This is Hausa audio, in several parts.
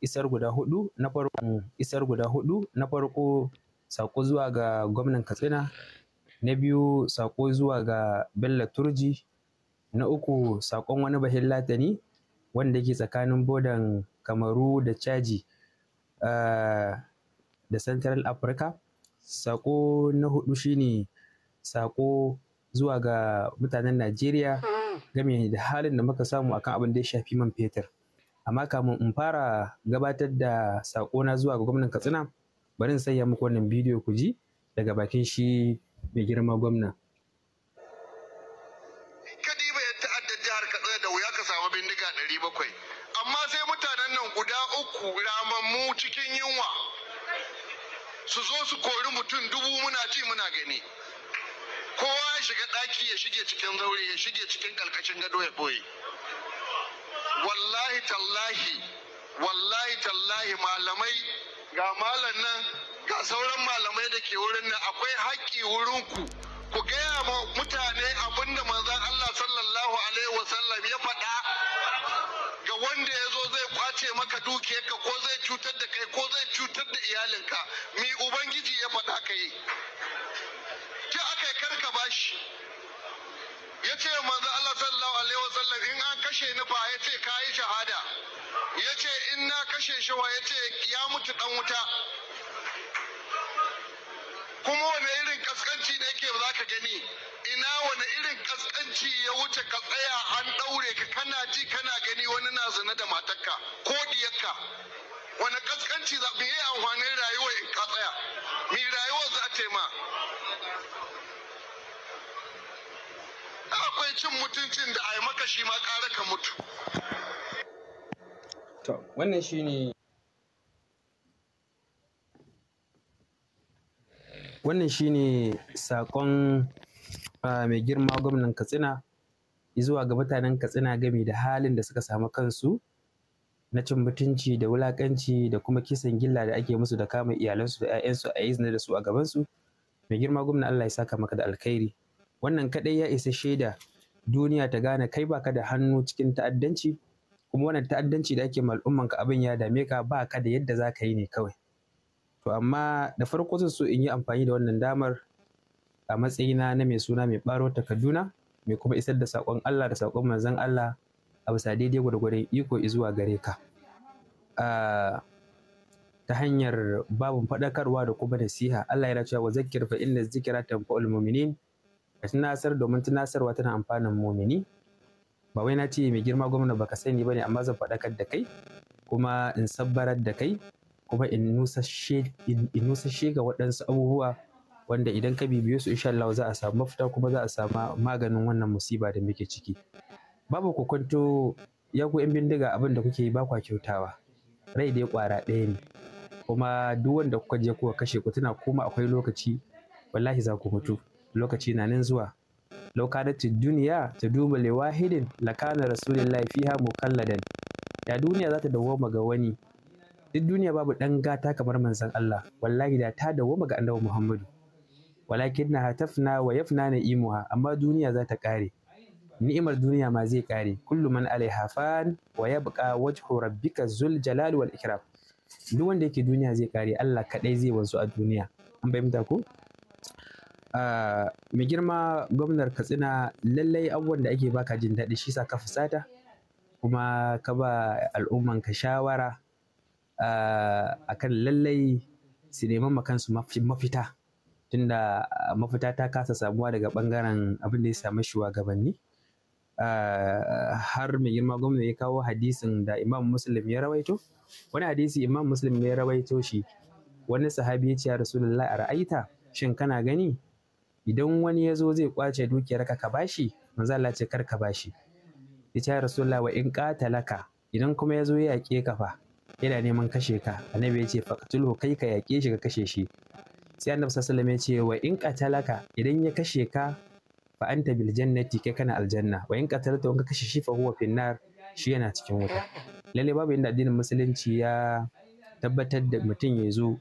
isar guda hudu na farko isar guda hudu na farko sako zuwa ga gwamnan katsina na biyu sako zuwa ga bello turji na uku sakon wani bahin latani wanda ke tsakanin bodan kamaru da caji ah, da central africa sako na hudu shine sako zuwa ga mutanen najeriya game da halin da muka samu akan abin da ya shafi man fetur amma kamun in fara gabatar da na zuwa ga gwamnan katsina bari in sanya muku wannan bidiyo ku ji daga bakin shi mai girma gwamna. sauran malamai da ke wurin nan akwai haƙƙi wurin ku ku gaya ma mutane abin da manzan Allah sallallahu alaihi wasallam ya faɗa ga wanda ya zo zai kwace maka dukiyarka ko zai cutar da kai ko zai cutar da iyalinka mi ubangiji ya faɗa ka yi Ta aka yi karka bashi ya ce manzan Allah sallallahu alaihi wasallam in an kashe ni fa ya ce ka yi shahada ya ce in na kashe shi wa ya ce ya mutu dan wuta kuma wani irin kaskanci ne yake ba za ka gani ina wani irin kaskanci ya wuce ka tsaya an ɗaure ka kana ji kana gani wani na zina da matarka ko diyarka wani kaskanci za mu yi amfanin rayuwar in ka tsaya mi rayuwar za ta ma akwai cin mutuncin da a yi maka shi ma ƙara ka mutu wannan shine sakon mai girma gwamnan katsina zuwa ga mutanen katsina gami da halin da suka samu kansu na cin mutunci da wulakanci da kuma kisan gilla da ake musu da kama iyalansu da 'ya'yansu a yi da su a gabansu mai girma gwamna Allah ya saka maka da alkhairi wannan kadai ya isa shaida duniya ta gane kai baka da hannu cikin ta'addanci kuma wannan ta'addanci da ake ma al'ummanka abin ya dame ka ba ka da yadda za ka yi ne kawai To amma da farko zan so in yi amfani da wannan damar a matsayina na mai suna mai ɓaro takarduna mai kuma isar da saƙon Allah da saƙon manzon Allah a bisa daidai gwargwaron iko zuwa gare ka. ta hanyar babin faɗakarwa da kuma nasiha Allah yana cewa zakir fa inna zikira tanfa'ul mu'minin ka tunasar domin tunasarwa tana amfanin mu'mini ba wai na ce mai girma gwamna baka sani ba bane amma zan faɗakar da kai kuma in sabbarar da kai kuma in nusashe ga waɗansu abubuwa wanda idan ka bibiye su insha Allah za a samu mafita kuma za a samu maganin wannan musiba da muke ciki babu ku kwanto ya ku yan bindiga abin da kuke yi ba kwa kyautawa rai da ya kwara ɗaya ne kuma duk wanda kuka je kuka kashe ku tana kuma akwai lokaci wallahi za ku mutu lokaci na nan zuwa لو كانت الدنيا تدوم لواحد لكان رسول الله فيها مقلدا يا دنيا ذات ma ga wani duk duniya babu ɗan gata kamar manzon Allah wallahi da ta dawwama ga annabi Muhammadu walakin na hatafna wa yafna na imuha amma duniya za ta kare. ni'imar duniya ma zai kare. kullu man alaiha fan wa yabqa wajhu rabbika zul jalal wal ikram duk wanda yake duniya zai kare, Allah kaɗai zai wanzu a duniya an fahimta ko ah, mai girma gwamnar katsina lallai abubuwan da ake baka jin daɗi shi sa ka fusata kuma ka ba al'umman ka shawara akan lallai su neman makansu mafita tunda ah, mafita ta kasa samuwa daga bangaren abin da ya samu shugabanni ah, har mai girma gwamna ya kawo hadisin da imam muslim ya rawaito wani hadisi imam muslim ya rawaito shi wani sahabi ya ce ya rasulullah a ra'aita shin kana gani idan wani ya zo zai kwace dukiyarka ka bashi manzo Allah ce kar ka bashi ya ce ya rasulullah wa in qatalaka idan kuma ya zo ya yaƙe ka fa yana neman kashe ka annabi ya ce faqtulhu kai ka yaƙe shi ka kashe shi sai annabi sallallahu ya ce wa in qatalaka idan ya kashe ka fa anta bil jannati kai kana aljanna wa in qatalta wanka kashe shi fa huwa finnar shi yana cikin wuta lalle babu inda addinin musulunci ya tabbatar da mutum ya zo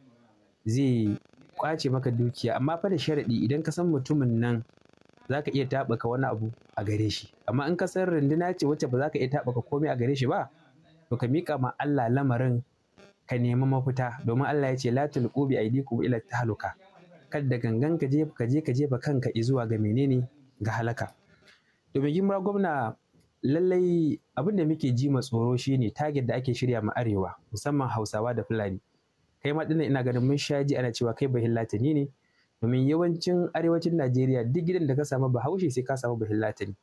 zai kwace maka dukiya amma fa da sharadi idan ka san mutumin nan za iya taɓaka wani abu a gare shi amma in ka san runduna ce wacce ba za iya taɓaka komai a gare shi ba to ka miƙa ma Allah lamarin ka nemi mafita domin Allah ya ce la tulqu bi aydikum ila tahluka da gangan ka je ka je ka jefa kanka izuwa ga menene ga halaka to mai gimra gwamna lallai abin da muke ji ma tsoro shine target da ake shirya ma arewa musamman Hausawa da Fulani kai ma dinnan ina ganin mun shaji ana cewa kai bahillatani ne domin yawancin arewacin Najeriya duk gidan da ka samu bahaushe sai ka samu bahillatani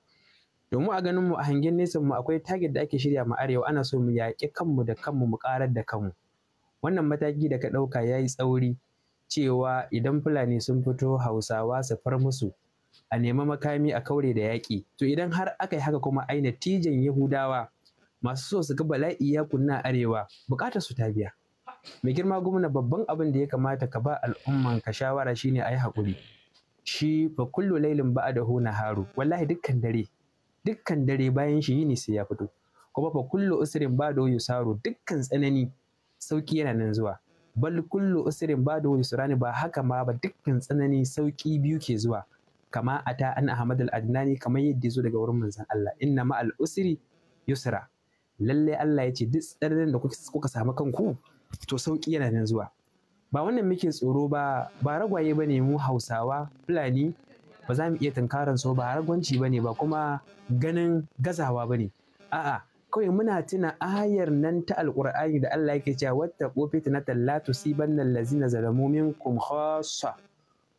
domin a ganin mu a hangen nesa mu akwai target da ake shirya mu arewa ana so mu yaƙi kanmu da kanmu mu ƙarar da kanmu wannan mataki da ka ɗauka ya yi tsauri cewa idan fulani sun fito hausawa su far musu a nemi makami a kaure da yaƙi to idan har aka yi haka kuma ai natijan yahudawa masu so su ga bala'i ya kunna arewa buƙatar su ta biya mai girma gwamna babban abin da ya kamata ka ba al'umman ka shawara shine a yi haƙuri shi ba kullu lailin ba a da hona haru wallahi dukkan dare dukkan dare bayan shi ne sai ya fito kuma fa kullu usrin bado yusaru dukkan tsanani sauki yana nan zuwa bal kullu usrin bado yusrani ba haka ma ba dukkan tsanani sauki biyu ke zuwa kama ata an ahmad al adnani kamar yadda zo daga wurin manzon Allah inna ma al usri yusra lalle Allah ya ce duk tsananin da kuka samu kanku to sauki yana nan zuwa ba wannan muke tsoro ba ba ragwaye ba ne mu hausawa fulani ba za mu iya tunkaran so ba ragwanci ba ne ba kuma ganin gazawa ba ne a'a kawai muna tuna ayar nan ta alkur'ani da Allah yake cewa wattaqu fitnatan la tusibanna allazina zalamu minkum khassa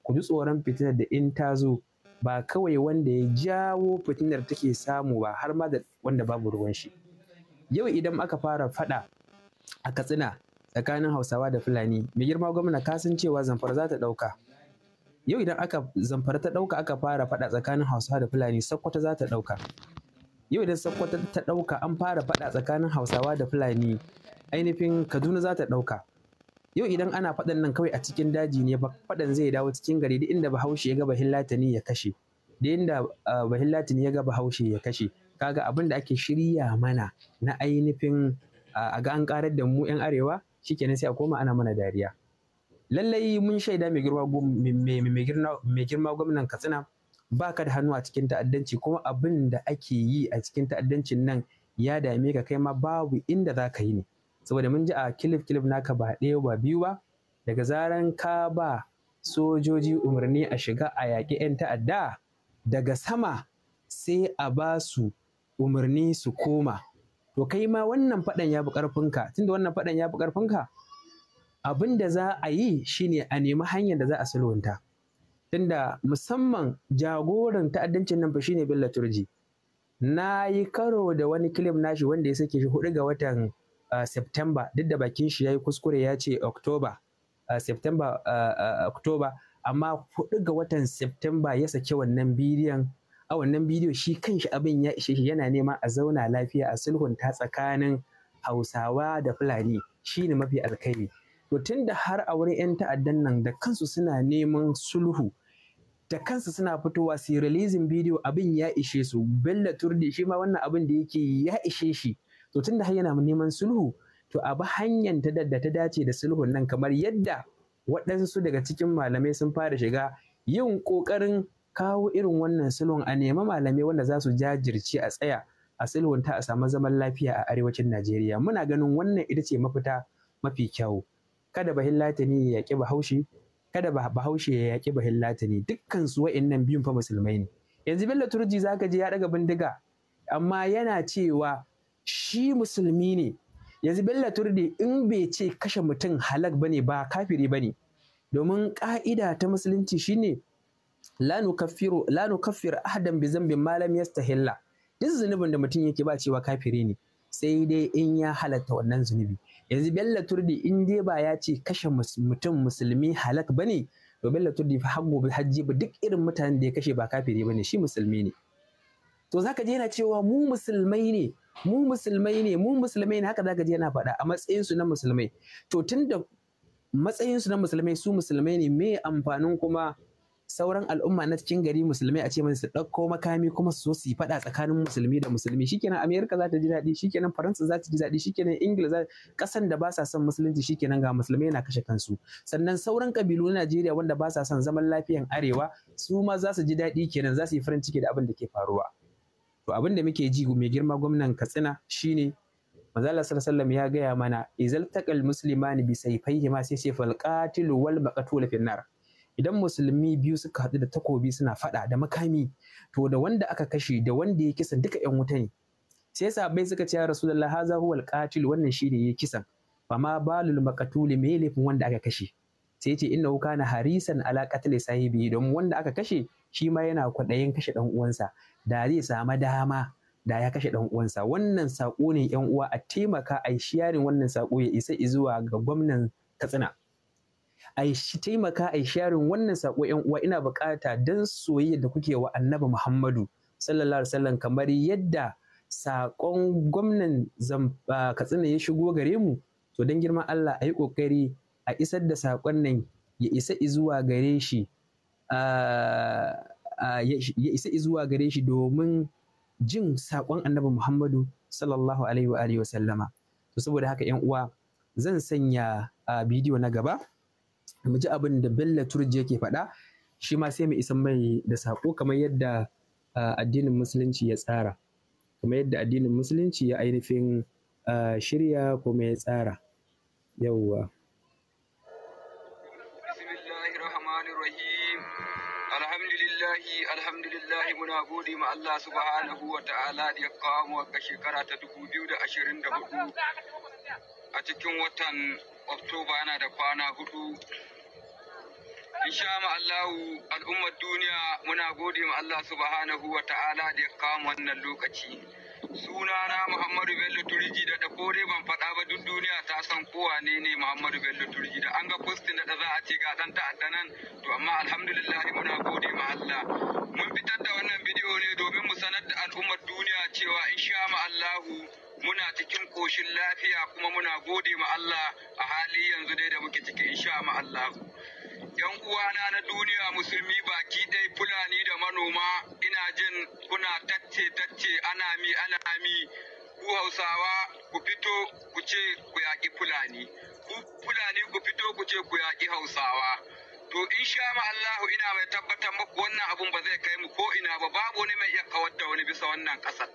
ku ji tsoron fitinar da in ta zo ba kawai wanda ya jawo fitinar take samu ba har ma da wanda babu ruwan shi yau idan aka fara faɗa a katsina tsakanin hausawa da fulani mai girma gwamna kasancewa zamfara za ta ɗauka yau idan aka zamfara ta ɗauka aka fara faɗa tsakanin hausawa da fulani sakkwata za ta ɗauka yau idan sakkwata ta ɗauka an fara faɗa tsakanin hausawa da fulani ainihin kaduna za ta ɗauka yau idan ana faɗan nan kawai a cikin daji ne ba faɗan zai dawo cikin gari da inda bahaushe ya ga latini ya kashe duk inda latini ya ga bahaushe ya kashe kaga abin da ake shirya mana na ainihin a ga an karar da mu 'yan arewa shikenan sai a koma ana mana dariya lallai mun shaida mai girma gwamnan katsina ba ka da hannu a cikin ta'addanci kuma abin da ake yi a cikin ta'addancin nan ya dame ka kai ma babu inda za ka yi ne saboda mun ji a kilif kilif naka ba ɗaya ba biyu ba daga zaran ka ba sojoji umarni a shiga a yaƙi 'yan ta'adda daga sama sai a ba su umarni su koma to kai ma wannan faɗan ya fi ƙarfinka tunda wannan faɗan ya fi ƙarfinka abin da za a yi shine a nemi hanyar da za a sulhunta tunda musamman jagoran ta'addancin nan fa shine Bello Turji na yi karo da wani clip nashi wanda ya sake shi hudu ga watan uh, Septemba duk da bakin shi yayi kuskure ya ce October uh, September uh, October amma hudu ga watan Septemba ya sake wannan bidiyon a wannan bidiyo shi kanshi abin ya ishe shi yana nema a zauna lafiya a sulhunta tsakanin Hausawa da Fulani shine mafi alkhairi to tun da har a wurin 'yan ta'addan nan da kansu suna neman sulhu da kansu suna fitowa su yi releasin bidiyo abin ya ishe su bella turdi shi ma wannan abin da yake ya ishe shi to tun da yana neman sulhu to a hanyar ta da ta dace da sulhun nan kamar yadda waɗansu daga cikin malamai sun fara shiga yin ƙoƙarin kawo irin wannan sulhun a nemi malamai wanda za su jajirce a tsaya a sulhunta a samu zaman lafiya a arewacin Najeriya muna ganin wannan ita ce mafita mafi kyau. kada Latani ya yaƙi bahaushe kada bahaushe ya yaƙi bahillatani dukkan su wa'annan biyun fa musulmai ne yanzu bello turji zaka je ya daga bindiga amma yana cewa shi musulmi ne yanzu bello turdi in bai ce kashe mutum halak bane ba kafiri bane domin ka'ida ta musulunci shine la nukaffiru la nukaffir ahadan bi zambin ma yastahilla duk zunubin da mutum yake ba cewa kafiri ne sai dai in ya halatta wannan zunubi yanzu bello turdi in dai ba ya ce kashe mutum musulmi halak ba ne to bello turdi fa hango bi hajji ba duk irin mutanen da ya kashe ba kafiri ba ne shi musulmi ne to zaka je yana cewa mu musulmai ne mu musulmai ne mu musulmai ne haka zaka je yana faɗa a matsayin na musulmai to tunda matsayin su na musulmai su musulmai ne me amfanin kuma sauran al'umma na cikin gari musulmi a ce mai su ɗauko makami kuma su su yi faɗa tsakanin musulmi da musulmi shikenan amerika za ta ji daɗi shikenan faransa za ta ji daɗi shikenan ingila za ƙasan da ba sa son musulunci shikenan ga musulmai na kashe kansu sannan sauran kabilu na najeriya wanda ba sa son zaman lafiyan arewa su ma za su ji daɗi kenan za su yi farin ciki da abin da ke faruwa to abin da muke ji mai girma gwamnan katsina shine manzala sallallahu ya gaya mana izal taqal muslimani bi sayfayhima sai sai fal qatilu wal maqtul fi nar idan musulmi biyu suka haɗu da takobi suna faɗa da makami to da wanda aka kashe da wanda ya kisan duka yan wuta ne sai sabai suka ce ya rasulullah haza huwal qatil wannan shine ya kisan fa ma balul maqtul me laifin wanda aka kashe sai ce innahu kana harisan ala qatl sahibi don wanda aka kashe shi ma yana kwaɗayin kashe ɗan uwansa da zai samu dama da ya kashe ɗan uwansa wannan sako ne yan uwa a taimaka a yi wannan sako ya isa zuwa ga gwamnan katsina a shi taimaka a sharin wannan sako yan uwa ina bukata don soyayya da kuke wa annabi Muhammadu sallallahu alaihi wasallam kamar yadda saƙon gwamnan Katsina ya shigo gare mu to don girma Allah a yi kokari a isar da sakon nan ya isa zuwa gare shi ya isa zuwa gare shi domin jin saƙon annabi Muhammadu sallallahu alaihi wa alihi to saboda haka ‘yan uwa zan sanya bidiyo na gaba mu ji abin da Bello Turji yake faɗa shi ma sai mu isa mai da saƙo kamar yadda addinin musulunci ya tsara kamar yadda addinin musulunci ya ainihin shirya kuma ya tsara yawwa alhamdulillahi muna gode ma Allah subhanahu wa ta'ala da ya kawo mu ga shekara ta 2024 a cikin watan Oktoba yana da kwana hudu insha Allahu al'ummar duniya muna gode ma Allah subhanahu wa ta'ala da ya kama wannan lokaci sunana Muhammadu Bello Turiji da da kore ban faɗa ba duk duniya ta san kowa ne ne Muhammadu Bello Turiji da an ga postin da za a ce ga dan ta'adda nan to amma alhamdulillah muna gode ma Allah mun fitar da wannan bidiyo ne domin mu sanar da al'ummar duniya cewa insha Allahu muna cikin koshin lafiya kuma muna gode ma Allah a hali yanzu dai da muke ciki insha Allahu 'yan uwana na duniya musulmi baki ɗaya fulani da manoma ina jin kuna tacce tacce ana mi ana mi ku hausawa ku fito ku ce ku yaƙi fulani ku fulani ku fito ku ce ku yaƙi hausawa to sha ma Allahu ina mai tabbatar muku wannan abun ba zai kai mu ko ina ba babu wani mai iya kawar da wani bisa wannan ƙasar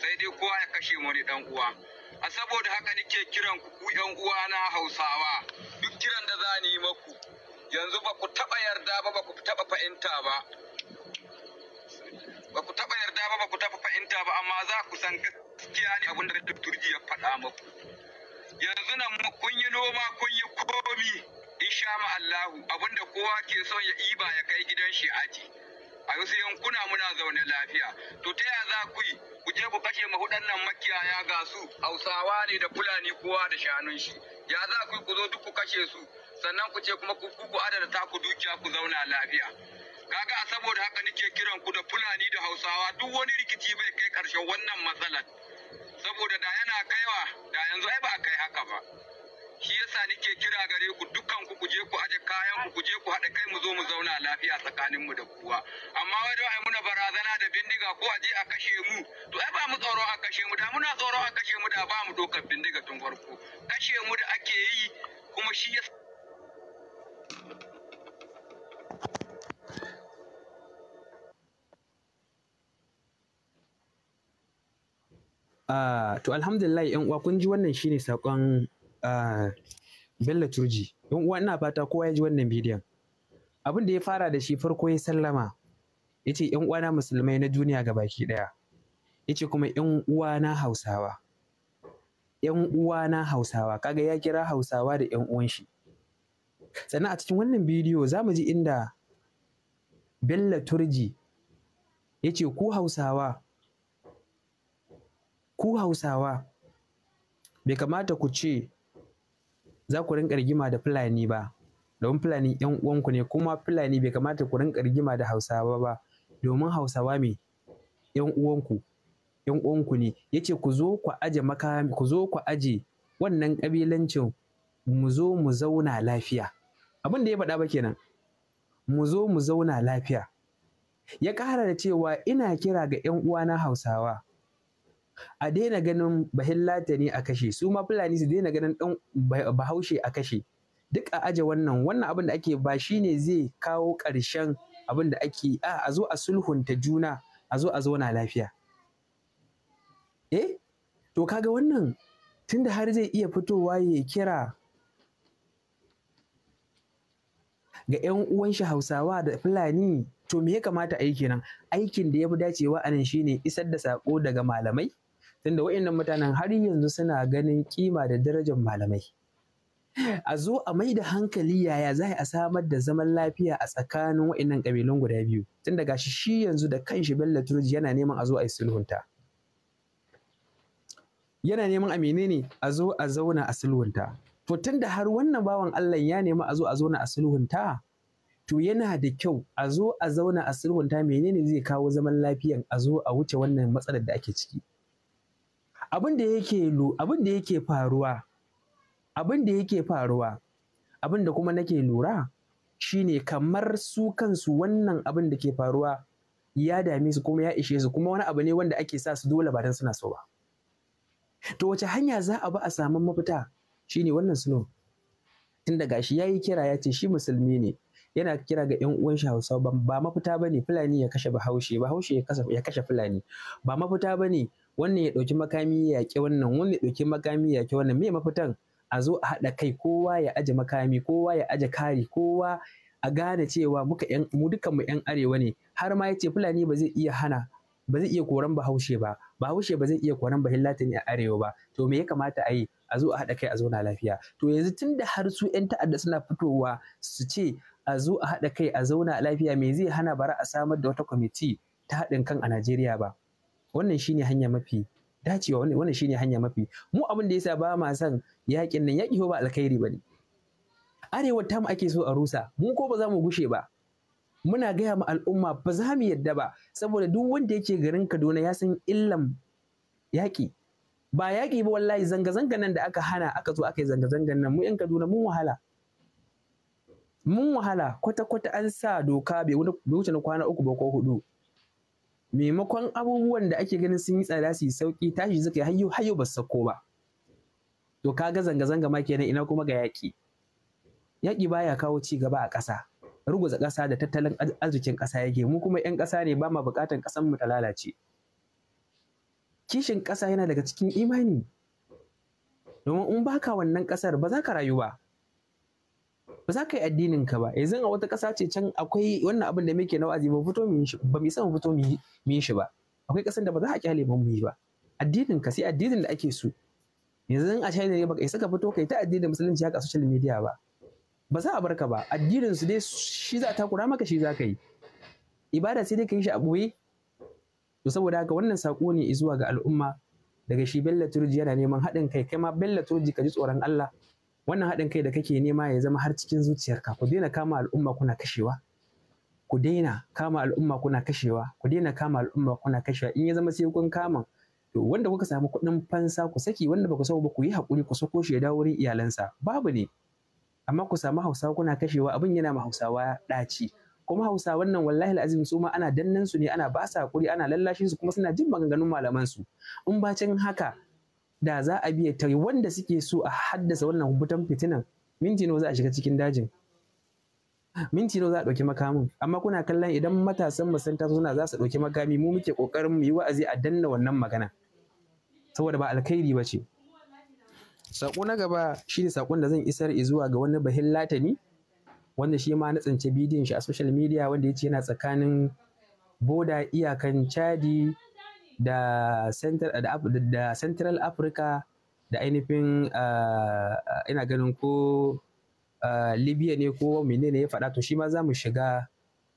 sai dai kowa ya kashe wani dan uwa a saboda haka nake kiran ku ku yan uwa na Hausawa duk kiran da za ni maku yanzu ba ku taɓa yarda ba ba ku taɓa fahimta ba ba ku taɓa yarda ba ba ku taɓa fahimta ba amma za ku san gaskiya ne abin da Recep Turji ya faɗa muku yanzu nan kun yi noma kun yi komi insha ma Allahu abin da kowa ke son ya iba ya kai gidan shi aji a wasu yankuna muna zaune lafiya to ta ya za ku yi ku je ku kashe mahudan nan makiyaya ga su hausawa ne da fulani kowa da shanun shi ya za ku yi ku zo duk ku kashe su sannan ku ce kuma ku ku adana taku dukiya ku zauna lafiya kaga a saboda haka nake kiran ku da fulani da hausawa duk wani rikici bai kai karshen wannan matsalar saboda da yana kaiwa da yanzu ai ba kai haka ba shi yasa nake kira gare ku dukkan ku kuje ku aje kayan ku kuje ku haɗa kai mu zo mu zauna lafiya tsakanin mu da kowa amma wai da ai muna barazana da bindiga ko a je a kashe mu to ai ba mu tsoro a kashe mu da muna tsoro a kashe mu da ba mu dokar bindiga tun farko kashe mu da ake yi kuma shi yasa Uh, to alhamdulillah yan uwa kun ji wannan shine sakon ah, Bello Turji. Yan uwa ina fata kowa ya ji wannan bidiyon. Abin da ya fara da shi farko ya sallama. Yace yan na musulmai na duniya ga baki daya. Yace kuma yan na Hausawa. Yan na Hausawa kaga ya kira Hausawa da yan uwan shi. sannan a cikin wannan bidiyo za mu ji inda bello turji ya ce ku hausawa ku hausawa bai kamata ku ce za ku rinƙa rigima da fulani ba domin fulani yan uwanku ne kuma fulani bai kamata ku rinƙa rigima da hausawa ba domin hausawa mai yan uwanku yan uwanku ne yace ku zo ku aje makami ku zo ku aje wannan ƙabilancin mu zo mu zauna lafiya abin da ya faɗa ba kenan mu zo mu zauna lafiya ya ƙara da cewa ina kira ga 'yan uwana hausawa a daina ganin bahin ne a kashe su ma fulani su daina ganin ɗan bahaushe a kashe duk a aje wannan wannan abin da ake ba shi ne zai kawo ƙarshen abin da ake a a zo a sulhunta juna a zo a zauna lafiya eh to kaga wannan tunda har zai iya fitowa ya kira ga 'yan uwanshi hausawa da fulani to me ya kamata a yi kenan aikin da ya fi dacewa a nan shine isar da sako daga malamai tunda wa'annan mutanen har yanzu suna ganin kima da darajar malamai a zo a mai da hankali yaya za a samar da zaman lafiya a tsakanin wa'annan kabilun guda biyu tun daga shi yanzu da kanshi bello turji yana neman a zo a yi sulhunta yana neman a menene a zo a zauna a sulhunta to tun da har wannan bawan Allah ya nemi a zo a zauna a sulhunta to yana da kyau a zo a zauna a sulhunta menene zai kawo zaman lafiyan a zo a wuce wannan matsalar da ake ciki abin da yake abin da yake faruwa abin da yake faruwa abin da kuma nake lura shine kamar su kansu wannan abin da ke faruwa ya dame su kuma ya ishe su kuma wani abu ne wanda ake sa su dole ba don suna so ba to wace hanya za a bi a samu mafita shine wannan sulhun tunda gashi yayi kira ya ce shi musulmi ne yana kira ga yan uwan shi Hausa ba mafita bane Fulani ya kashe Bahaushe Bahaushe ya kashe ya kashe Fulani ba mafita bane wannan ya dauki makami ya yake wannan wannan ya dauki makami ya yake wannan me mafitan a zo a haɗa kai kowa ya aje makami kowa ya aje kari kowa a gane cewa muka yan mu dukan mu yan arewa ne har ma yace Fulani ba zai iya hana ba zai iya koran Bahaushe ba Bahaushe ba zai iya koran Bahillata a arewa ba to me ya kamata a yi a zo a haɗa kai a zauna lafiya to yanzu tun da har su 'yan ta'adda suna fitowa su ce a zo a haɗa kai a zauna lafiya me zai hana bara a samar da wata kwamiti ta haɗin kan a Najeriya ba wannan shine hanya mafi dacewa wannan shine hanya mafi mu abin da yasa ba ma son yakin nan yaki ba alkhairi bane arewa ta tamu ake so a rusa mu ko ba za mu gushe ba muna gaya ma al'umma ba za mu yadda ba saboda duk wanda yake garin Kaduna ya san illan yaƙi ba yaƙi ba wallahi zanga zanga nan da aka hana aka zo aka yi zanga zanga nan mu 'yan kaduna mun wahala mun wahala kwata-kwata an sa doka bai wuce na kwana uku ba ko hudu maimakon abubuwan da ake ganin sun yi tsada su yi sauki tashi suka yi hayyo hayyo ba sako ba to kaga zanga-zanga ma kenan ina kuma ga yaƙi yaƙi baya kawo ci gaba a ƙasa ruguza ƙasa da tattalin arzikin ƙasa yake mu kuma 'yan ƙasa ne ba ma buƙatan ƙasan mu ta lalace kishin ƙasa yana daga cikin imani domin in baka wannan ƙasar ba za ka rayu ba ba za ka yi addinin ka ba yanzu a wata ƙasa ce can akwai wannan abin da muke na wa'azi ba fito mu shi ba mu san mu fito mu yi shi ba akwai ƙasar da ba za a kyale ba mu yi ba addinin ka sai addinin da ake so yanzu a China ne baka isa ka fito kai ta addinin musulunci haka social media ba ba za a barka ba addinin su dai shi za ta kura maka shi za ka yi ibada sai dai ka yi shi a ɓoye to saboda haka wannan sako ne zuwa ga al'umma daga shi Bello Turji yana neman haɗin kai kai ma Bello Turji ka ji tsoron Allah wannan haɗin kai da kake nema ya zama har cikin zuciyarka ku daina kama al'umma kuna kashewa ku daina kama al'umma kuna kashewa ku daina kama al'umma kuna kashewa in ya zama sai kun kama to wanda kuka samu kuɗin fansa ku saki wanda baku ku samu ba ku yi haƙuri ku sako shi ya dawo wurin iyalansa babu ne amma ku samu hausawa kuna kashewa abin yana ma hausawa ɗaci kuma hausa wannan wallahi azim su ma ana dannan su ne ana ba su hakuri ana lallashin su kuma suna jin maganganun malaman su in bacin haka da za a biya ta wanda suke so a haddasa wannan hubutan fitinan minti nawa za a shiga cikin dajin minti nawa za a dauki makamin amma kuna kallon idan matasan mu sun suna za su ɗauki makami mu muke kokarin mu yi wa'azi a danna wannan magana saboda ba alkhairi ba ce saƙo na gaba shine saƙon da zan isar zuwa ga wani bahin latani wanda shi ma na tsince bidiyon shi a social media wanda ya ce yana tsakanin boda iyakan chadi da central, da, da central africa da ainihin uh, ina ganin ko uh, libya ne ko menene ya faɗa to shi ma za mu shiga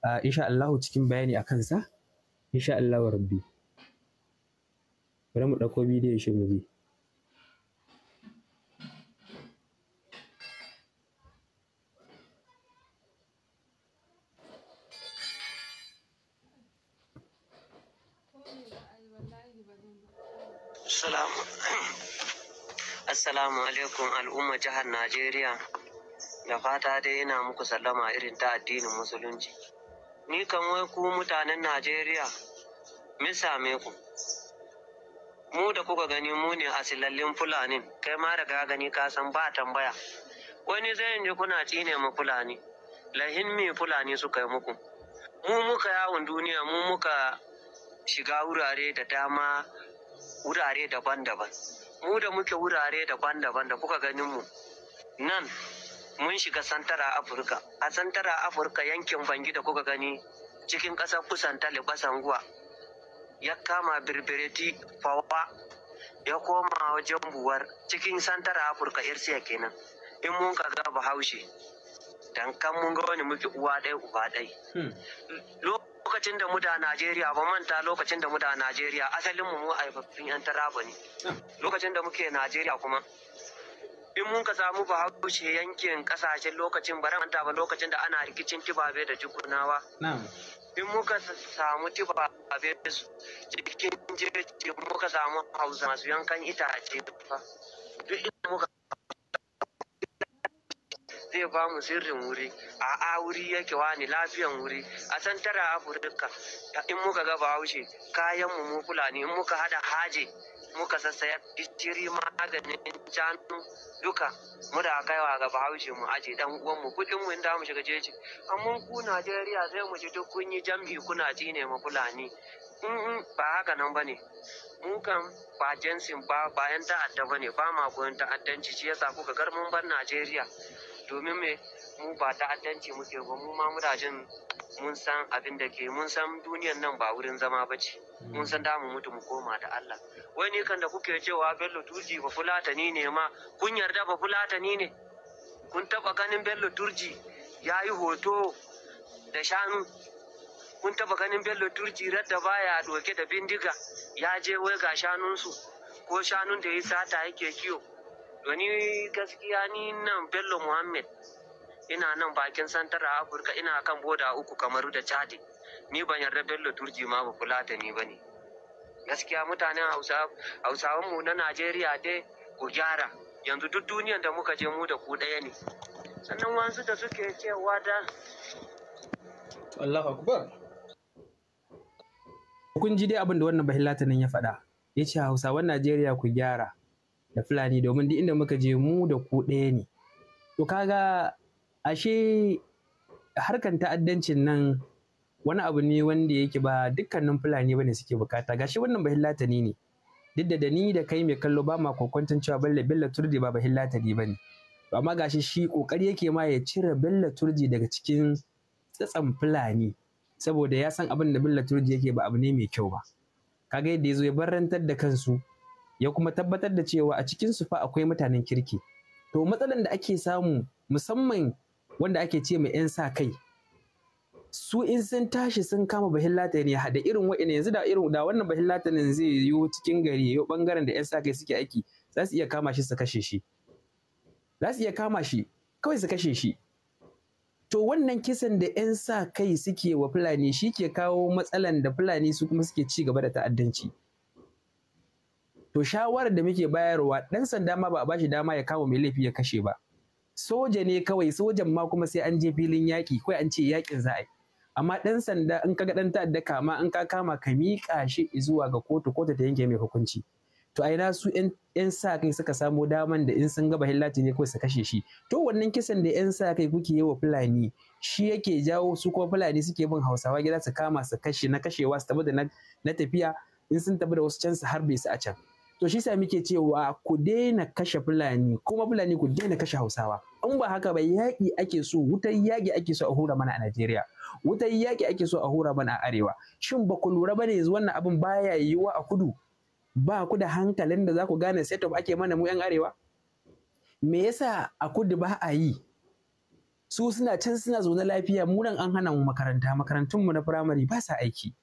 uh, insha Allahu cikin bayani a kansa insha Allahu rabbi bari mu ɗauko bidiyon shi mu bi Assalamu Assalamu alaikum al'umma jihar Najeriya da fata dai yana muku sallama irin ta addinin musulunci. Ni kan wai ku mutanen Najeriya mun same ku. Mu da kuka gani mu ne asilallin Fulanin, kai ma daga gani ka san ba tambaya. Wani zai ji kuna tsine mu Fulani, lahin me Fulani suka yi muku. Mu muka yawon duniya mu muka shiga wurare da dama wurare daban-daban mu da muke wurare daban-daban da kuka ganin mu nan mun shiga santara afirka a santara afirka yankin bangi da kuka gani cikin ƙasar kusan talibasanguwa ya kama birbireti fawa ya koma wajen buwar cikin santar afirka irsiya kenan in mun ka ga bahaushe dankan mun ga wani muke uwa ɗaya uba ɗaya. Hmm. lokacin da mu da Najeriya ba manta lokacin da mu da Najeriya asalin mu mu aifaffin yan taraba ne lokacin da muke Najeriya kuma in mun ka samu ba haushe yankin kasashen lokacin bara manta ba lokacin da ana rikicin tibabe da jukunawa in muka samu tibabe cikin jeji muka samu hausa masu yankan itace duk inda muka zai ba mu sirrin wuri a a wuri yake wani lafiyan wuri a san tara afirka in muka ga bahaushe kayan mu mu fulani in muka hada haje muka sassaya gishiri maganin canu? duka mu da kai wa ga bahaushe mu aje dan uwan mu kudin mu inda mu shiga jeji amma ku Najeriya sai mu ji duk kun yi jam'i kuna ji ne ma fulani ba haka nan bane mu kan ba ba bayan ta'adda bane ba ma ta'addanci shi yasa kuka garman mun bar Najeriya domin me mu ba ta'addanci muke ba mu ma muna jin mun san abin da ke mun san duniyar nan ba wurin zama ba ce mun san damu mutu mu koma da Allah wai ni kan da kuke cewa Bello Turji ba fulatani ne ma kun yarda ba fulatani ne kun taba ganin Bello Turji ya yi hoto da shanu kun taba ganin Bello Turji radda baya doke da bindiga ya je wai ga shanunsu ko shanun da ya sata yake kiyo wani gaskiya ni nan bello muhammad ina nan bakin santar afirka ina kan boda uku kamaru da chadi ni ban yarda bello turji ma ba kula da ni bane gaskiya mutanen hausawan mu na najeriya dai ku gyara yanzu duk duniyan da muka je mu da ku ɗaya ne sannan wasu da suke cewa da Allah akbar kun ji dai abin da wannan bahillatanin nan ya faɗa ya ce hausawan najeriya ku gyara da Fulani domin duk inda muka je mu da ku ɗaya ne. To kaga ashe harkan ta'addancin nan wani abu ne wanda yake ba dukkanin Fulani bane suke bukata gashi wannan bahillatani ne duk da ni da kai mai kallo ba ma kokwanton cewa Bello Bello Turdi ba ne. bane to amma gashi shi kokari yake ma ya cire Bello Turdi daga cikin tsatsan Fulani saboda ya san abin da Bello Turdi yake ba abu ne mai kyau ba Ka kaga yadda yazo ya barantar da kansu ya kuma tabbatar da cewa a cikin su fa akwai mutanen kirki to matsalan da ake samu musamman wanda ake ce mai 'yan sa kai su in sun tashi sun kama latani ya da irin wa'ina yanzu da irin da wannan bahin latanin zai yiwu cikin gari yiwu bangaren da 'yan sa kai suke aiki za su iya kama shi su kashe shi za su iya kama shi kawai su kashe shi to wannan kisan da 'yan sa kai suke wa fulani shi ke kawo matsalan da fulani su kuma suke ci gaba da ta'addanci to shawarar da muke bayarwa ɗan sanda ma ba a bashi dama ya kawo mai laifi ya kashe ba soja ne kawai sojan ma kuma sai an je filin yaƙi kawai an ce yaƙin za a yi amma ɗan sanda in ka ga ɗan ta'adda kama in ka kama ka miƙa shi zuwa ga kotu kotu ta yanke mai hukunci to a ina su yan sa kai suka samo daman da in sun gaba hillaci ne kawai su kashe shi to wannan kisan da yan sa kai kuke yi wa fulani shi yake jawo su kuma fulani suke bin hausawa gida su kama su kashe na kashewa su tafi da na tafiya in sun tafi da wasu can su harbe su a can to shi sa muke cewa ku daina kashe fulani kuma fulani ku daina kashe hausawa in ba haka ba yaƙi ake so wutar yaƙi ake so a hura mana a Najeriya wutar yaƙi ake so a hura mana a arewa shin ba ku lura ba ne wannan abin baya yiwuwa a kudu ba ku da hankalin da za ku gane setup ake mana mu 'yan arewa me yasa a kudu ba a yi su suna can suna zaune lafiya mu an hana mu makaranta makarantunmu na firamare ba sa aiki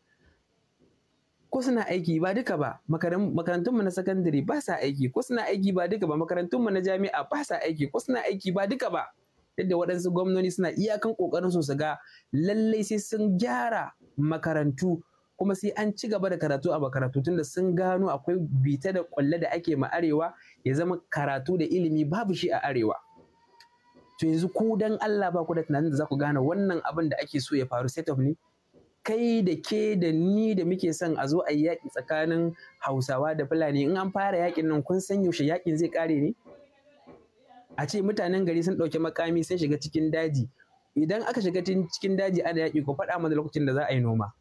ko suna aiki ba duka ba makarantunmu na sakandare ba sa aiki ko suna aiki ba duka ba makarantunmu na jami'a ba sa aiki ko suna aiki ba duka ba yadda waɗansu gwamnoni suna iyakan ƙoƙarin su ga lallai sai sun gyara makarantu kuma sai an ci gaba da karatu a makarantu tunda sun gano akwai bita da kwalle da ake ma arewa ya zama karatu da ilimi babu shi a arewa to yanzu ku dan Allah ba ku da tunanin da za ku gane wannan abin da ake so ya faru set up ne kai da ke da ni da muke son a zo a yi yaƙi tsakanin hausawa da fulani in an fara yaƙin nan kun san yaushe yaƙin zai ƙare ne a ce mutanen gari sun ɗauki makami sun shiga cikin daji idan aka shiga cikin daji ana yaƙi ku faɗa mana lokacin da za a yi noma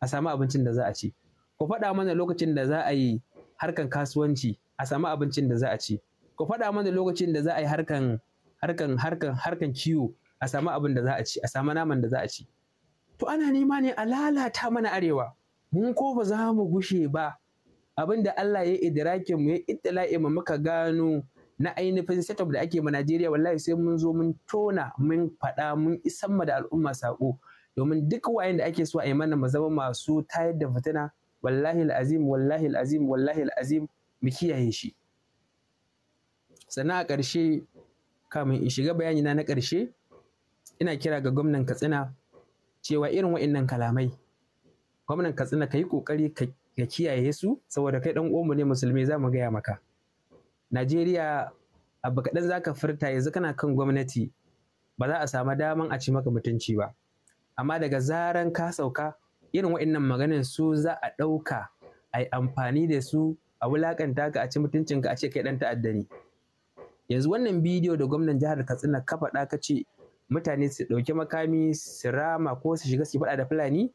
a samu abincin da za a ci ku faɗa mana lokacin da za a yi harkan kasuwanci a samu abincin da za a ci ku faɗa mana lokacin da za a yi harkan harkan harkan harkan kiwo a samu abin da za a ci a samu naman da za a ci to ana nema ne a lalata mana arewa mun ko ba za mu gushe ba abin da Allah ya idrake mu ya ittila'i mu muka gano na ainihin setup da ake ma Najeriya wallahi sai mun zo mun tona mun faɗa mun isan ma da al'umma sako domin duk wayan da ake so a yi mana mu zama masu tayar da fitina wallahi al'azim wallahi al'azim wallahi al'azim mu kiyaye shi sannan a ƙarshe kamin in shiga bayani na na ƙarshe ina kira ga gwamnan Katsina cewa irin wa'innan kalamai gwamnan katsina ka yi ƙoƙari ka kiyaye su saboda kai ɗan uwanmu ne musulmi za mu gaya maka najeriya abu kaɗan za ka furta yanzu kana kan gwamnati ba za a samu daman a ci maka mutunci ba amma daga zaran ka sauka irin wa'innan maganin su za a ɗauka a yi amfani da su a wulaƙanta ka a ci mutuncinka a ce kai ɗan ta'addani yanzu wannan bidiyo da gwamnan jihar katsina ka faɗa ka ce mutane su ɗauki makami su rama ko su shiga su faɗa da fulani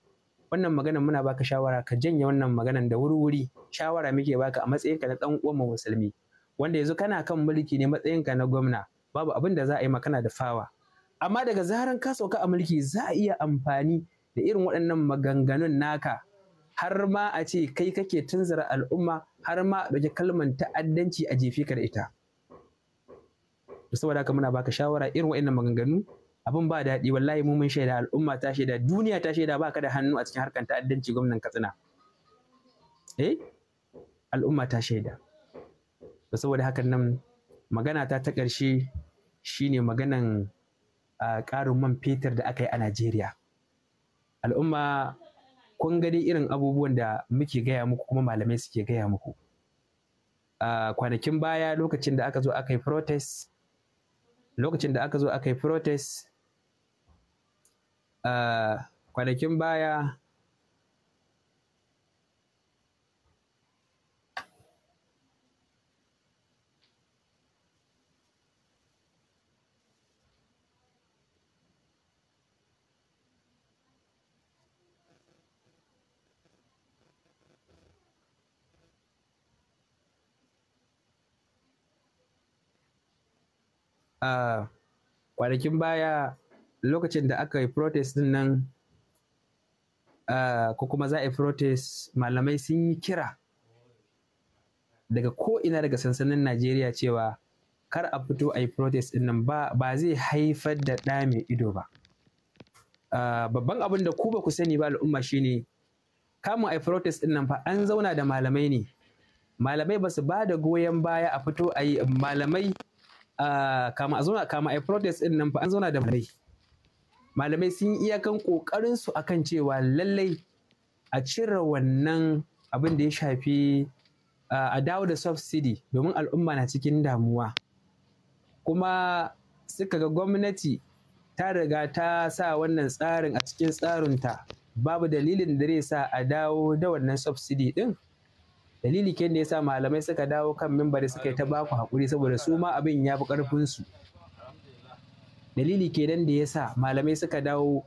wannan maganan muna baka shawara ka janye wannan maganan da wuri-wuri shawara muke baka a matsayinka na ɗan uwan musulmi wanda yanzu kana kan mulki ne matsayinka na gwamna babu abin da za a yi makana da fawa amma daga zaran ka sauka a mulki za a iya amfani da irin waɗannan maganganun naka har ma a ce kai kake tunzura al'umma har ma a ɗauki kalmar ta'addanci a jefi ka da ita saboda haka muna baka shawara irin waɗannan maganganu abin ba daɗi wallahi mu mun shaida al'umma ta shaida duniya ta shaida ba ka da hannu a cikin harkar ta'addanci gwamnan Katsina eh al'umma ta shaida to saboda hakan nan magana ta ta ƙarshe shine maganan ƙarin man fetur da aka yi a Najeriya al'umma kun gani irin abubuwan da muke gaya muku kuma malamai suke gaya muku a kwanakin baya lokacin da aka zo aka yi protest lokacin da aka zo aka yi protest uh, kwanakin baya uh, kwanakin baya lokacin da aka yi protest din nan ko kuma za a yi protest malamai sun yi kira daga ko'ina daga sansanin najeriya cewa kar a fito a yi protest din nan ba zai haifar da ɗa mai ido ba babban abin da ku ba ku sani ba al'umma shine kamun a yi protest din nan fa an zauna da malamai ne malamai ba su ba da goyon baya a fito a yi malamai kama a zauna kama a yi protest din nan fa an zauna da malamai malamai sun iyakan ƙoƙarinsu akan cewa lallai a cire wannan abin da ya shafi a dawo da subsidy domin al'umma na cikin damuwa kuma suka ga gwamnati ta riga ta sa wannan tsarin a cikin tsarinta babu dalilin da zai sa a dawo da wannan subsidy din dalili ke da ya sa malamai suka dawo kan mimbari suka yi ta baku hakuri? saboda su ma abin ya fi ƙarfinsu su dalili ke kenan da yasa malamai suka dawo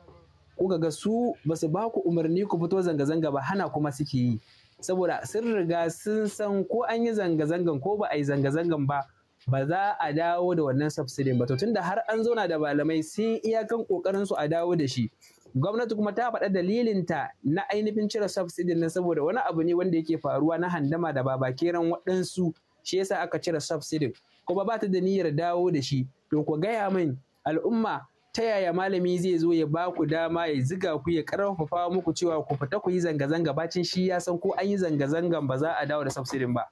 kuka ga su ba su ba ku umarni ku fito zanga-zanga ba hana kuma suke yi saboda sun riga sun san ko an yi zanga-zangan ko ba a yi zanga-zangan ba ba za a dawo da wannan subsidy ba to tunda har an zauna da malamai sun iyakan kokarin su a dawo da shi gwamnati kuma ta faɗa dalilinta na ainihin cire sufsidin na saboda wani abu ne wanda yake faruwa na handama da babakeran waɗansu shi yasa aka cire sufsidin. kuma ba ta da niyyar dawo da shi to ku gaya min al'umma ta yaya malami zai zo ya ba ku dama ya ziga ku ya karfafa muku cewa ku fita ku yi zanga-zanga bacin shi ya san ko an yi zanga-zangan ba za a dawo da subsidin ba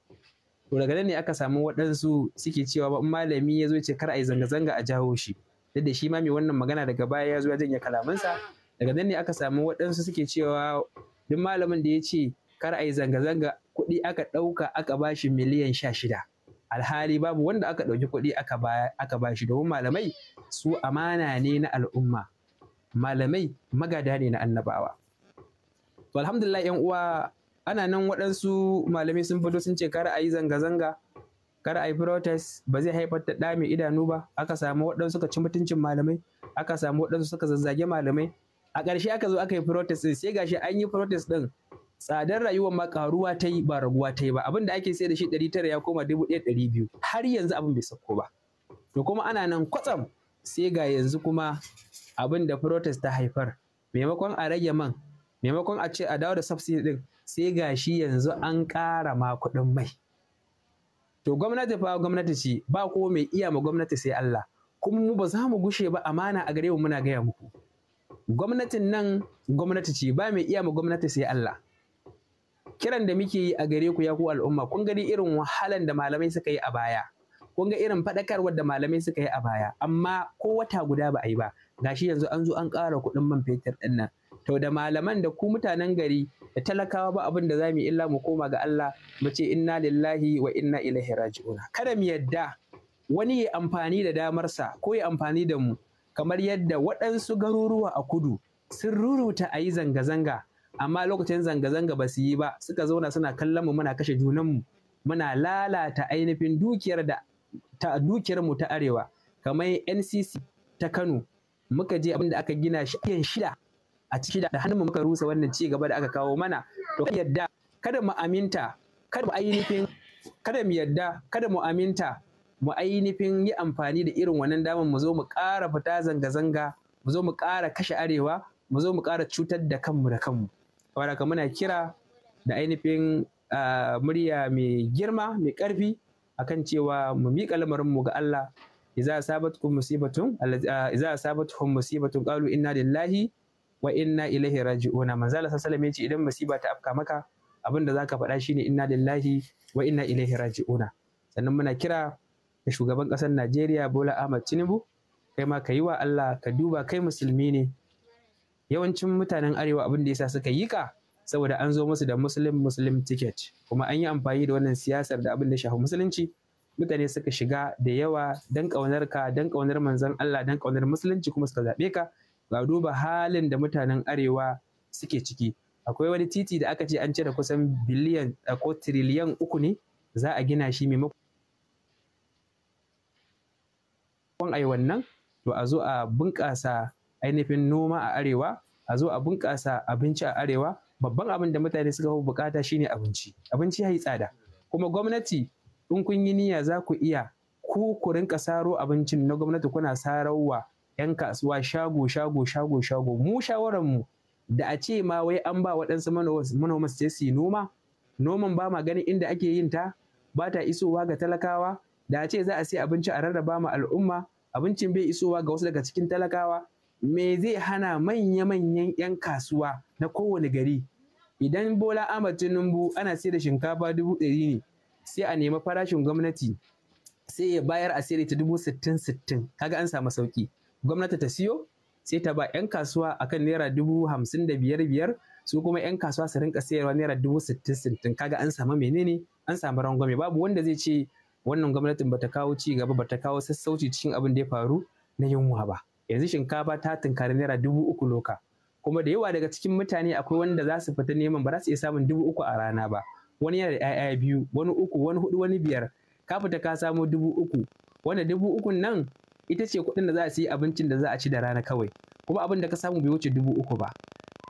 to daga nan ne aka samu waɗansu suke cewa ba malami ya zo ce kar a yi zanga-zanga a jawo shi duk shi ma mai wannan magana daga baya ya zo ya janye kalamansa daga nan ne aka samu waɗansu suke cewa duk malamin da ya ce kar a yi zanga-zanga kuɗi aka ɗauka aka ba shi miliyan sha shida alhali babu wanda aka ɗauki kuɗi aka ba shi domin malamai su amana ne na al'umma malamai magada ne na annabawa to alhamdulillah yan uwa ana nan waɗansu malamai sun fito sun ce kar a yi zanga-zanga kar a yi protest ba zai haifar da ɗa idanu ba aka samu waɗansu suka ci mutuncin malamai aka samu waɗansu suka zazzage malamai a ƙarshe aka zo aka yi protest sai gashi an yi protest ɗin tsadar rayuwar ma karuwa ta yi ba raguwa ta yi ba abin da ake sai da shi ɗari tara ya koma dubu ɗaya ɗari biyu har yanzu abin bai sauko ba to kuma ana nan kwatsam sai ga yanzu kuma abin da protest ta haifar maimakon a rage man maimakon a ce a dawo da subsidy din sai ga shi yanzu an ƙara ma kuɗin mai to gwamnati fa gwamnati ce ba ko mai iya ma gwamnati sai Allah kuma mu ba za mu gushe ba amana a gare mu muna gaya muku gwamnatin nan gwamnati ce ba mai iya ma gwamnati sai Allah kiran da muke yi a gare ku ya ku al'umma kun gani irin wahalan da malamai suka yi a baya kun ga irin faɗakarwar da malamai suka yi a baya amma ko wata guda ba a yi ba gashi yanzu an zo an ƙara kuɗin man fetur ɗin nan to da malaman da ku mutanen gari da talakawa ba abin da za mu illa mu koma ga Allah mu ce inna lillahi wa inna ilaihi raji'un kada mu yadda wani ya amfani da damarsa ko ya amfani da mu kamar yadda waɗansu garuruwa a kudu sun ruruta a yi zanga-zanga amma lokacin zanga-zanga ba su yi ba suka zauna suna kallon mu muna kashe junanmu muna lalata ainihin dukiyar da ta dukiyar mu ta arewa kamar NCC ta Kano muka je abin da aka gina shi shida a ciki da hannun muka rusa wannan ci gaba da aka kawo mana to yadda kada mu aminta kada mu ainihin kada mu yadda kada mu aminta mu ainihin yi amfani da irin wannan damar mu zo mu ƙara fita zanga-zanga mu zo mu ƙara kashe arewa mu zo mu ƙara cutar da kanmu da kanmu saboda haka muna kira da ainihin murya mai girma mai ƙarfi akan cewa mu miƙa lamarinmu ga Allah iza asabatukum musibatun idza asabatuhum musibatun qalu inna lillahi wa inna ilaihi raji'un manzo Allah sallallahu alaihi idan musiba ta afka maka abinda zaka faɗa shine inna lillahi wa inna ilaihi raji'un sannan muna kira da shugaban ƙasar Najeriya Bola Ahmad Tinubu kai ma ka yi wa Allah ka duba kai musulmi ne yawancin mutanen arewa abin da yasa suka yi ka saboda an zo musu da muslim muslim ticket kuma an yi amfani da wannan siyasar da abin da shafi musulunci mutane suka shiga da yawa dan kaunar ka dan kaunar manzon Allah dan kaunar musulunci kuma suka zabe ka ga duba halin da mutanen arewa suke ciki akwai wani titi da aka ce an cire kusan biliyan ko tiriliyan uku ne za a gina shi maimakon ai wannan to a zo a bunƙasa ainihin noma a arewa a zo a bunƙasa abinci a arewa babban abin da mutane suka fi bukata shine abinci abinci ya yi tsada kuma gwamnati in kun yi niyya za ku iya ku ku rinka saro abincin na gwamnati kuna wa 'yan kasuwa shago shago shago shago mu shawaran mu da a ce ma wai an ba waɗansu manoma su su noma noman ba ma ganin inda ake yin ta ba ta isowa ga talakawa da a ce za a sai abinci a rarraba ma al'umma abincin bai isowa ga wasu daga cikin talakawa me zai hana manya-manyan 'yan kasuwa na kowane gari idan bola ahmad tinubu ana sai da shinkafa dubu ɗari ne sai a nemi farashin gwamnati sai ya bayar a sai ta dubu sittin sittin kaga an samu sauki gwamnati ta siyo sai ta ba 'yan kasuwa akan naira dubu hamsin da biyar biyar su kuma 'yan kasuwa su rinka sayarwa naira dubu sittin sittin kaga an samu menene an samu rangwame babu wanda zai ce wannan gwamnatin bata kawo ci gaba bata kawo sassauci cikin abin da ya faru na yunwa ba. yanzu shinkafa ta tunkari naira dubu uku loka kuma da yawa daga cikin mutane akwai wanda za su fita neman ba za su iya samun dubu uku a rana ba wani yana da 'ya'ya biyu wani uku wani hudu wani biyar ka fita ka samo dubu uku wanda dubu ukun nan ita ce kuɗin da za a siya abincin da za a ci da rana kawai kuma abin da ka samu bai wuce dubu uku ba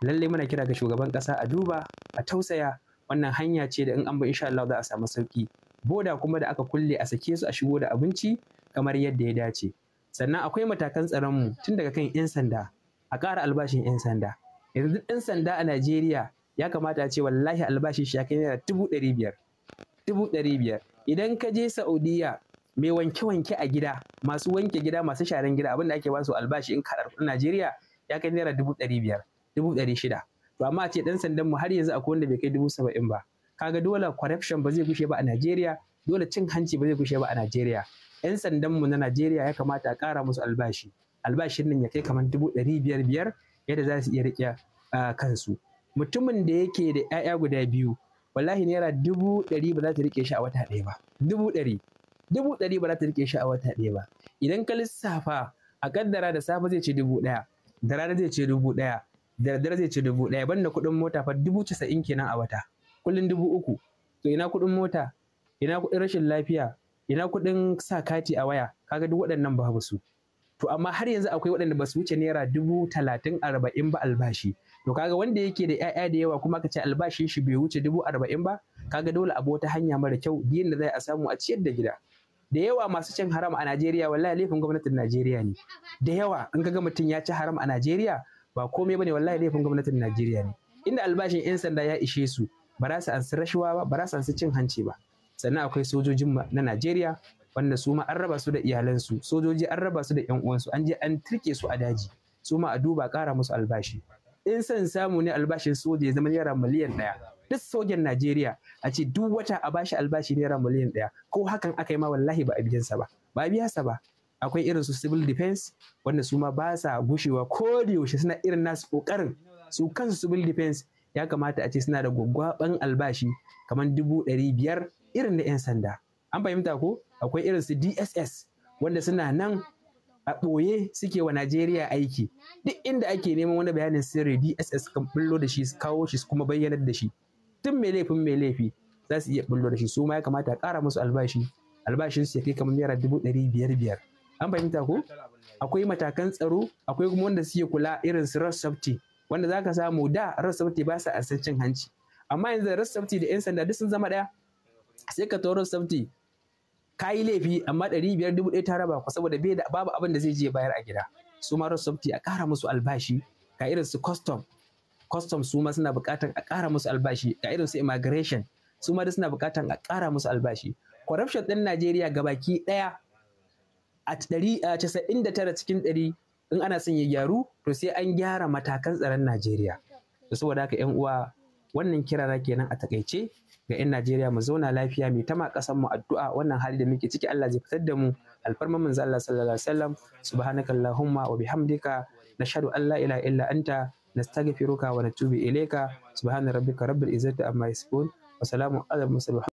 lallai muna kira ga shugaban ƙasa a duba a tausaya wannan hanya ce da in an bi insha Allah za a samu sauki boda kuma da aka kulle a sake su a shigo da abinci kamar yadda ya dace sannan akwai matakan tsaron mu tun daga kan 'yan sanda a ƙara albashin 'yan sanda yanzu duk 'yan sanda a najeriya ya kamata a ce wallahi albashin shi ya kai naira dubu ɗari biyar dubu ɗari biyar idan ka je saudiya mai wanke-wanke a gida masu wanke gida masu sharan gida abinda ake basu albashi in ka kuɗin najeriya ya kai naira dubu ɗari biyar dubu ɗari shida to amma a ce ɗan sandan mu har yanzu akwai wanda bai kai dubu saba'in ba kaga dole corruption ba zai gushe ba a najeriya dole cin hanci ba zai gushe ba a najeriya 'yan sandanmu na Najeriya ya kamata a ƙara musu albashi albashin nan ya kai kamar dubu ɗari biyar biyar yadda za su iya riƙe kansu mutumin da yake da 'ya'ya guda biyu wallahi naira dubu ɗari ba za ta riƙe shi a wata ɗaya ba dubu ɗari dubu ɗari ba za ta riƙe shi a wata ɗaya ba idan ka lissafa a kaddara da safe zai ce dubu ɗaya da rana zai ce dubu ɗaya da daddare zai ce dubu ɗaya banda kuɗin mota fa dubu casa'in kenan a wata kullum dubu uku to ina kuɗin mota ina kuɗin rashin lafiya ina kuɗin sa kati a waya kaga duk waɗannan babu su to amma har yanzu akwai waɗanda ba su wuce naira dubu talatin arba'in ba albashi to kaga wanda yake da 'ya'ya da yawa kuma ka ce albashin shi bai wuce dubu arba'in ba kaga dole abu wata hanya mara kyau biyan da za a samu a ciyar da gida da yawa masu cin haram a Najeriya wallahi laifin gwamnatin Najeriya ne da yawa in ka ga mutum ya ci haram a Najeriya ba komai bane wallahi laifin gwamnatin Najeriya ne inda albashin 'yan sanda ya ishe su ba za su ansu rashuwa ba ba za su ansu cin hanci ba sannan akwai sojojin na Najeriya wanda su ma an raba su da iyalansu sojoji an raba su da yan uwansu an je an turke su a daji su ma a duba ƙara musu albashi in san samu ne albashin soja ya zama naira miliyan ɗaya duk sojan Najeriya a ce duk wata a bashi albashi naira miliyan ɗaya ko hakan aka yi ma wallahi ba a biyan sa ba ba a biya sa ba akwai irin su civil defense wanda su ma ba sa gushewa ko da yaushe suna irin nasu kokarin su kansu civil defense ya kamata a ce suna da gwaggwaban albashi kamar dubu ɗari biyar irin na 'yan sanda an fahimta ko akwai irin su dss wanda suna nan a ɓoye suke wa najeriya aiki duk inda ake neman wani bayanin sirri dss kan bullo da shi su kawo shi su kuma bayyanar da shi tun mai laifin mai laifi za su iya bullo da shi su ma ya kamata a ƙara musu albashi albashin su ya kai kamar naira dubu ɗari biyar biyar an fahimta ko akwai matakan tsaro akwai kuma wanda suke kula irin su rossafti wanda za ka samu da rossafti ba sa a cin hanci amma yanzu rossafti da 'yan sanda duk sun zama ɗaya sai ka taurin sabti ka yi laifi amma ɗari biyar dubu ɗaya ta raba ku saboda bai babu abin da zai je bayar a gida su ma a ƙara musu albashi ga irin su custom custom su ma suna buƙatan a ƙara musu albashi ga irin su immigration su ma suna buƙatan a ƙara musu albashi corruption ɗin Najeriya ga baki ɗaya a ɗari casa'in da tara cikin ɗari in ana son ya gyaru to sai an gyara matakan tsaron Najeriya. Da saboda haka 'yan uwa wannan kirara kenan a takaice ga 'yan Najeriya mu zauna lafiya mai tama ƙasar mu addu'a wannan hali da muke ciki Allah zai fitar da mu alfarman manzo Allah sallallahu alaihi wasallam allahumma wa bihamdika nashhadu an la ilaha illa anta nastaghfiruka wa natubu ilayka subhana rabbika rabbil izzati amma yasifun wa salamun ala mursalin